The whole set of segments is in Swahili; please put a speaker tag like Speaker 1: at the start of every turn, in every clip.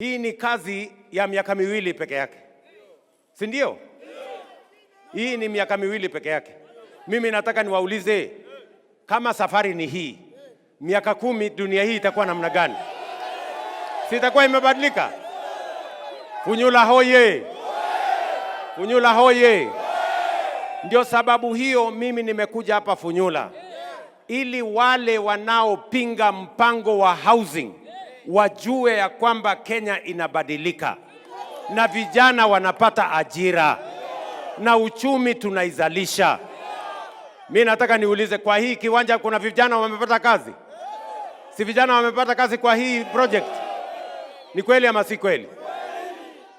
Speaker 1: Hii ni kazi ya miaka miwili peke yake, si ndio? Hii ni miaka miwili peke yake. Mimi nataka niwaulize, kama safari ni hii, miaka kumi dunia hii itakuwa namna gani? Si itakuwa imebadilika? Funyula hoye! Funyula hoye! Ndio sababu hiyo mimi nimekuja hapa Funyula, ili wale wanaopinga mpango wa housing wajue ya kwamba Kenya inabadilika na vijana wanapata ajira na uchumi tunaizalisha. Mi nataka niulize, kwa hii kiwanja kuna vijana wamepata kazi? Si vijana wamepata kazi kwa hii project? Ni kweli ama si kweli?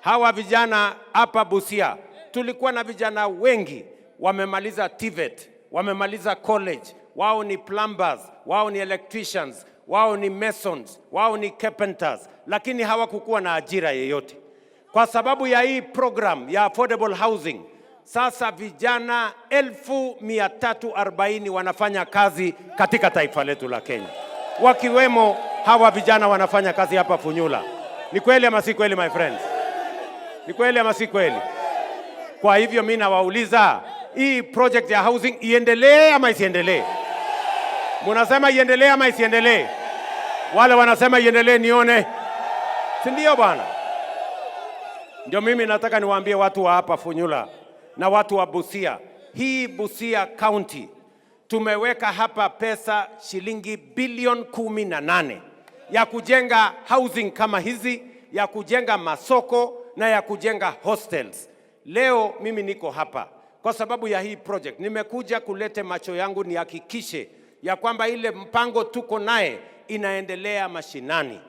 Speaker 1: Hawa vijana hapa Busia, tulikuwa na vijana wengi wamemaliza TVET, wamemaliza college, wao ni plumbers, wao ni electricians, wao ni masons, wao ni carpenters, lakini hawakukuwa na ajira yeyote kwa sababu ya hii program ya affordable housing. Sasa vijana 1340 wanafanya kazi katika taifa letu la Kenya, wakiwemo hawa vijana wanafanya kazi hapa Funyula. Ni kweli ama si kweli, my friends? Ni kweli ama si kweli? Kwa hivyo mimi nawauliza hii project ya housing iendelee ama isiendelee? Munasema iendelee ama isiendelee? wale wanasema iendelee nione, si ndio bwana? Ndio mimi nataka niwaambie watu wa hapa Funyula na watu wa Busia, hii Busia County tumeweka hapa pesa shilingi bilioni kumi na nane ya kujenga housing kama hizi, ya kujenga masoko na ya kujenga hostels. Leo mimi niko hapa kwa sababu ya hii project. Nimekuja kulete macho yangu nihakikishe ya kwamba ile mpango tuko naye inaendelea mashinani.